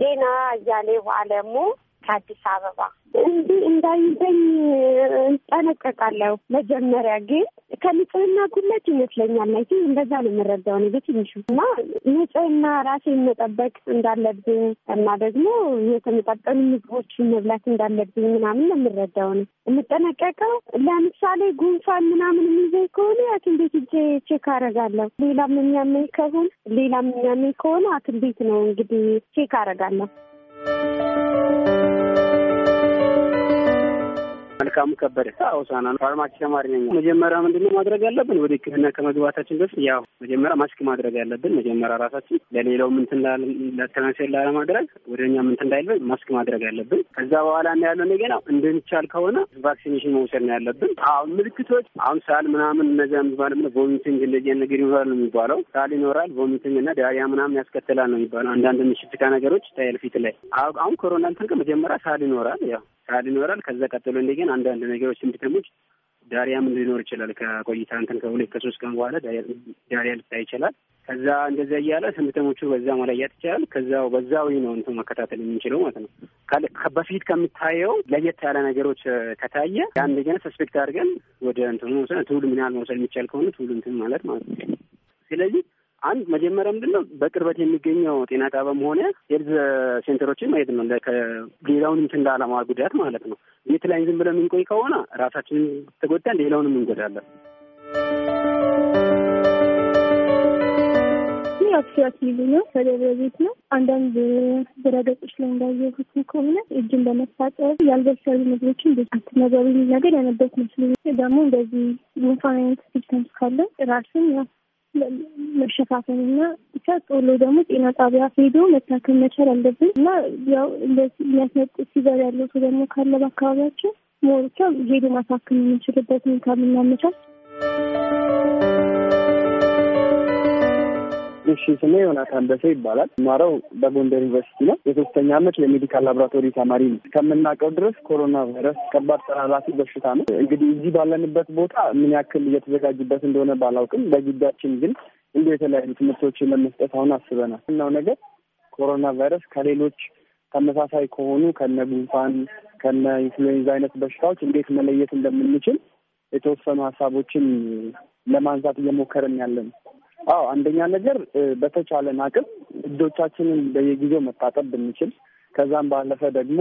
ዴና እያሌው አለሙ ከአዲስ አበባ እንዲህ እንዳይዘኝ ጠነቀቃለሁ። መጀመሪያ ግን ከንጽህና ጉለት ይመስለኛል ይ እንደዛ ነው የምረዳው እኔ በትንሹ እና ንጽህና ራሴን መጠበቅ እንዳለብኝ እና ደግሞ የተመጣጠኑ ምግቦችን መብላት እንዳለብኝ ምናምን ነው የምረዳው ነው የምጠነቀቀው። ለምሳሌ ጉንፋን ምናምን የሚይዘኝ ከሆነ ሐኪም ቤት ሂጄ ቼክ አረጋለሁ። ሌላም የሚያመኝ ከሆነ ሌላም የሚያመኝ ከሆነ ሐኪም ቤት ነው እንግዲህ ቼክ አደርጋለሁ። ድካሙ ከበደ ሆሳዕና ነው። ፋርማሲ ተማሪ ነኝ። መጀመሪያ ምንድነው ማድረግ ያለብን? ወደ ሕክምና ከመግባታችን በፊት ያው መጀመሪያ ማስክ ማድረግ ያለብን መጀመሪያ ራሳችን ለሌላው ምንትን ለትራንስፌር ላለማድረግ ወደ እኛ ምንትን እንዳይልብን ማስክ ማድረግ ያለብን። ከዛ በኋላ እና ያለው ነገና እንድንቻል ከሆነ ቫክሲኔሽን መውሰድ ነው ያለብን። አሁን ምልክቶች አሁን ሳል ምናምን እነዚያ የሚባል ቮሚቲንግ እንደዚህ ነገር ይኖራል ነው የሚባለው። ሳል ይኖራል፣ ቮሚቲንግ እና ዳያ ምናምን ያስከትላል ነው የሚባለው። አንዳንድ ምሽትካ ነገሮች ታይል ፊት ላይ አሁን ኮሮና እንትን መጀመሪያ ሳል ይኖራል ያው ሳህል ይኖራል። ከዛ ቀጥሎ እንደገና አንዳንድ ነገሮች እንድትሞች ዳሪያም ሊኖር ይችላል። ከቆይታ እንትን ከሁለት ከሶስት ቀን በኋላ ዳሪያ ልታይ ይችላል። ከዛ እንደዚያ እያለ ትምህርተሞቹ በዛ መለያት ይቻላል። ከዛው በዛው ነው እንትን መከታተል የምንችለው ማለት ነው። በፊት ከምታየው ለየት ያለ ነገሮች ከታየ እንደገና ሰስፔክት አድርገን ወደ እንትኑ መውሰድ ምናል መውሰድ የሚቻል ከሆነ ትውል እንትን ማለት ማለት ነው። ስለዚህ አንድ መጀመሪያ ምንድን ነው በቅርበት የሚገኘው ጤና ጣቢያም ሆነ ኤድዝ ሴንተሮችን ማየት ነው። ሌላውን እንትን ለአላማ ጉዳት ማለት ነው። ቤት ላይ ዝም ብለን የምንቆይ ከሆነ ራሳችንን ተጎዳን፣ ሌላውንም እንጎዳለን። አክሲያት ሚሉ ነው ከደብረ ቤት ነው። አንዳንድ ድረገጾች ላይ እንዳየሁት ከሆነ እጅን በመታጠብ ያልበሰሉ ምግቦችን አትመገቡ የሚል ነገር ያነበት መስሉ ደግሞ እንደዚህ ጉንፋን አይነት ሲስተምስ ካለ ራስን መሸፋፈን እና ብቻ ጦሎ ደግሞ ጤና ጣቢያ ሄዶ መታከም መቻል አለብን እና ያው እንደዚህ የሚያስነጥስ ሲዘር ያለው ሰው ደግሞ ካለ በአካባቢያቸው ሞር ሄዶ ማሳከም የምንችልበት ሁኔታ ምናመቻል እሺ ስሜ ዮናታን በሰ ይባላል። ማረው በጎንደር ዩኒቨርሲቲ ነው። የሶስተኛ ዓመት የሜዲካል ላቦራቶሪ ተማሪ ነው። እስከምናውቀው ድረስ ኮሮና ቫይረስ ከባድ ተላላፊ በሽታ ነው። እንግዲህ እዚህ ባለንበት ቦታ ምን ያክል እየተዘጋጅበት እንደሆነ ባላውቅም፣ በግቢያችን ግን እንዲ የተለያዩ ትምህርቶችን ለመስጠት አሁን አስበናል። እናው ነገር ኮሮና ቫይረስ ከሌሎች ተመሳሳይ ከሆኑ ከነ ጉንፋን ከነ ኢንፍሉዌንዛ አይነት በሽታዎች እንዴት መለየት እንደምንችል የተወሰኑ ሀሳቦችን ለማንሳት እየሞከርን ያለ ነው። አዎ አንደኛ ነገር በተቻለን አቅም እጆቻችንን በየጊዜው መታጠብ ብንችል፣ ከዛም ባለፈ ደግሞ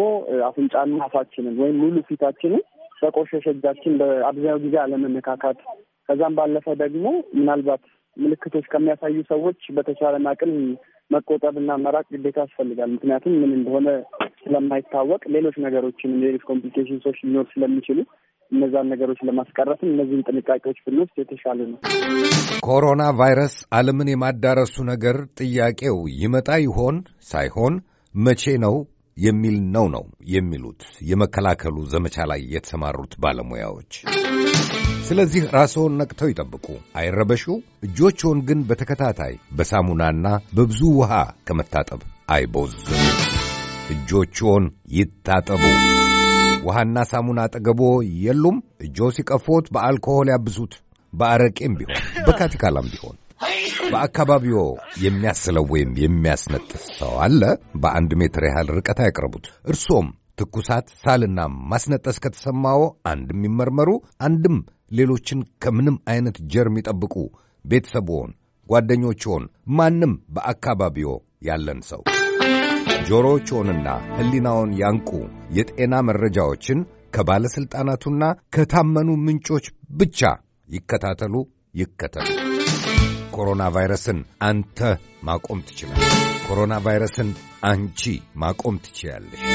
አፍንጫና አፋችንን ወይም ሙሉ ፊታችንን በቆሸሸ እጃችን በአብዛኛው ጊዜ አለመነካካት፣ ከዛም ባለፈ ደግሞ ምናልባት ምልክቶች ከሚያሳዩ ሰዎች በተቻለን አቅም መቆጠብና መራቅ ግዴታ ያስፈልጋል። ምክንያቱም ምን እንደሆነ ስለማይታወቅ ሌሎች ነገሮችንም ሌሎች ኮምፕሊኬሽንሶች ሊኖር ስለሚችሉ እነዛን ነገሮች ለማስቀረትም እነዚህን ጥንቃቄዎች ብንወስድ የተሻለ ነው። ኮሮና ቫይረስ ዓለምን የማዳረሱ ነገር ጥያቄው ይመጣ ይሆን ሳይሆን መቼ ነው የሚል ነው ነው የሚሉት የመከላከሉ ዘመቻ ላይ የተሰማሩት ባለሙያዎች። ስለዚህ ራስዎን ነቅተው ይጠብቁ፣ አይረበሹ። እጆችዎን ግን በተከታታይ በሳሙናና በብዙ ውሃ ከመታጠብ አይቦዝኑ። እጆችዎን ይታጠቡ። ውሃና ሳሙና አጠገቦ የሉም? እጆ ሲቀፎት በአልኮሆል ያብዙት በአረቄም ቢሆን በካቲካላም ቢሆን በአካባቢዎ የሚያስለው ወይም የሚያስነጥስ ሰው አለ? በአንድ ሜትር ያህል ርቀት አያቅርቡት። እርሶም ትኩሳት፣ ሳልና ማስነጠስ ከተሰማዎ አንድም ይመርመሩ፣ አንድም ሌሎችን ከምንም አይነት ጀርም ይጠብቁ። ቤተሰብዎን፣ ጓደኞችዎን፣ ማንም በአካባቢዎ ያለን ሰው ጆሮዎችዎንና ሕሊናውን ያንቁ። የጤና መረጃዎችን ከባለሥልጣናቱና ከታመኑ ምንጮች ብቻ ይከታተሉ ይከተሉ። ኮሮና ቫይረስን አንተ ማቆም ትችላለህ። ኮሮና ቫይረስን አንቺ ማቆም ትችላለሽ።